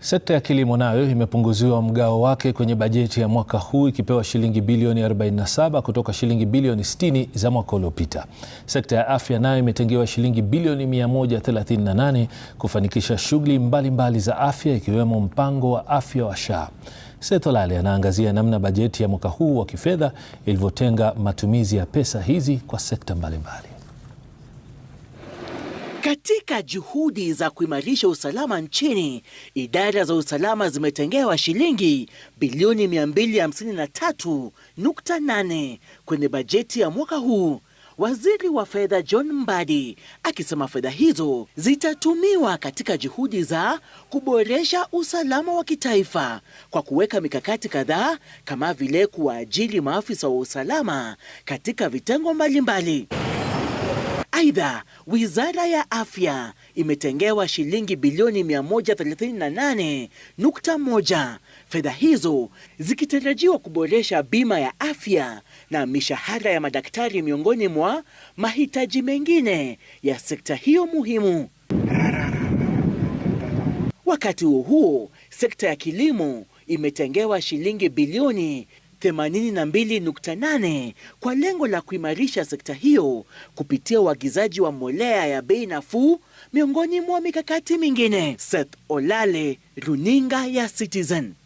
Sekta ya kilimo nayo imepunguziwa mgao wake kwenye bajeti ya mwaka huu ikipewa shilingi bilioni 47 kutoka shilingi bilioni 60 za mwaka uliopita. Sekta ya afya nayo imetengewa shilingi bilioni 138 kufanikisha shughuli mbalimbali za afya ikiwemo mpango wa afya wa SHA. Seth anaangazia namna bajeti ya mwaka huu wa kifedha ilivyotenga matumizi ya pesa hizi kwa sekta mbalimbali. Katika juhudi za kuimarisha usalama nchini, idara za usalama zimetengewa shilingi bilioni 253.8 kwenye bajeti ya mwaka huu, waziri wa fedha John Mbadi akisema fedha hizo zitatumiwa katika juhudi za kuboresha usalama wa kitaifa kwa kuweka mikakati kadhaa kama vile kuwaajiri maafisa wa usalama katika vitengo mbalimbali. Aidha, Wizara ya Afya imetengewa shilingi bilioni 138.1, fedha hizo zikitarajiwa kuboresha bima ya afya na mishahara ya madaktari miongoni mwa mahitaji mengine ya sekta hiyo muhimu. Wakati huo huo, sekta ya kilimo imetengewa shilingi bilioni 82.8 kwa lengo la kuimarisha sekta hiyo kupitia uagizaji wa mbolea ya bei nafuu miongoni mwa mikakati mingine. Seth Olale, Runinga ya Citizen.